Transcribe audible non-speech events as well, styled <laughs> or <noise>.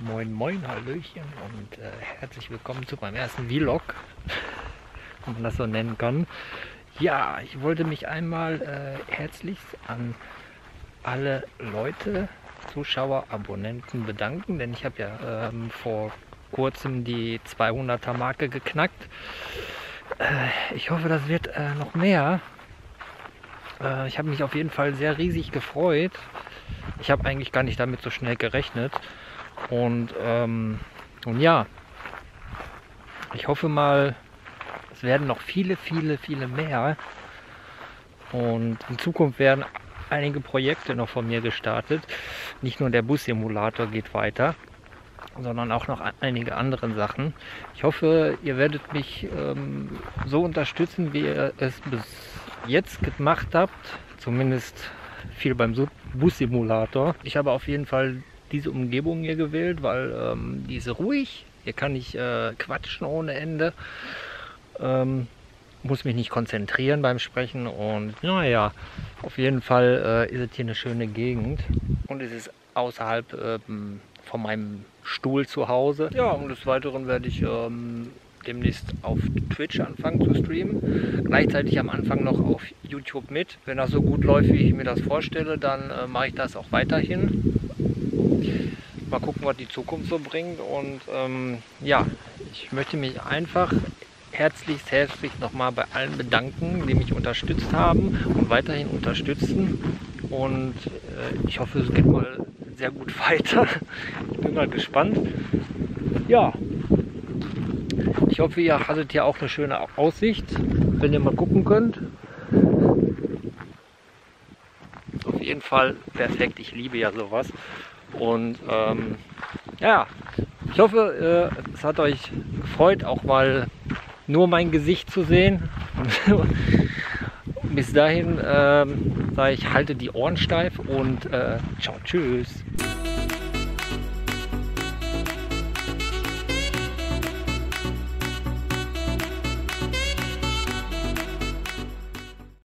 Moin Moin Hallöchen und äh, herzlich willkommen zu meinem ersten Vlog, <laughs> wenn man das so nennen kann. Ja, ich wollte mich einmal äh, herzlichst an alle Leute, Zuschauer, Abonnenten bedanken, denn ich habe ja ähm, vor kurzem die 200er Marke geknackt. Äh, ich hoffe, das wird äh, noch mehr. Äh, ich habe mich auf jeden Fall sehr riesig gefreut. Ich habe eigentlich gar nicht damit so schnell gerechnet. Und, ähm, und ja, ich hoffe mal, es werden noch viele, viele, viele mehr. Und in Zukunft werden einige Projekte noch von mir gestartet. Nicht nur der Bus-Simulator geht weiter, sondern auch noch einige andere Sachen. Ich hoffe, ihr werdet mich ähm, so unterstützen, wie ihr es bis jetzt gemacht habt. Zumindest viel beim Bus-Simulator. Ich habe auf jeden Fall diese Umgebung hier gewählt, weil ähm, die ist ruhig. Hier kann ich äh, quatschen ohne Ende. Ähm, muss mich nicht konzentrieren beim Sprechen und naja, auf jeden Fall äh, ist es hier eine schöne Gegend und es ist außerhalb äh, von meinem Stuhl zu Hause. Ja, und des Weiteren werde ich ähm, demnächst auf Twitch anfangen zu streamen. Gleichzeitig am Anfang noch auf YouTube mit. Wenn das so gut läuft, wie ich mir das vorstelle, dann äh, mache ich das auch weiterhin mal gucken, was die Zukunft so bringt. Und ähm, ja, ich möchte mich einfach herzlichst, herzlich nochmal bei allen bedanken, die mich unterstützt haben und weiterhin unterstützen. Und äh, ich hoffe, es geht mal sehr gut <laughs> weiter. Ich bin mal gespannt. Ja, ich hoffe, ihr hattet hier auch eine schöne Aussicht, wenn ihr mal gucken könnt. Auf jeden Fall perfekt. Ich liebe ja sowas. Und ähm, ja, ich hoffe, äh, es hat euch gefreut, auch mal nur mein Gesicht zu sehen. <laughs> Bis dahin ähm, sage ich, halte die Ohren steif und äh, ciao, tschüss.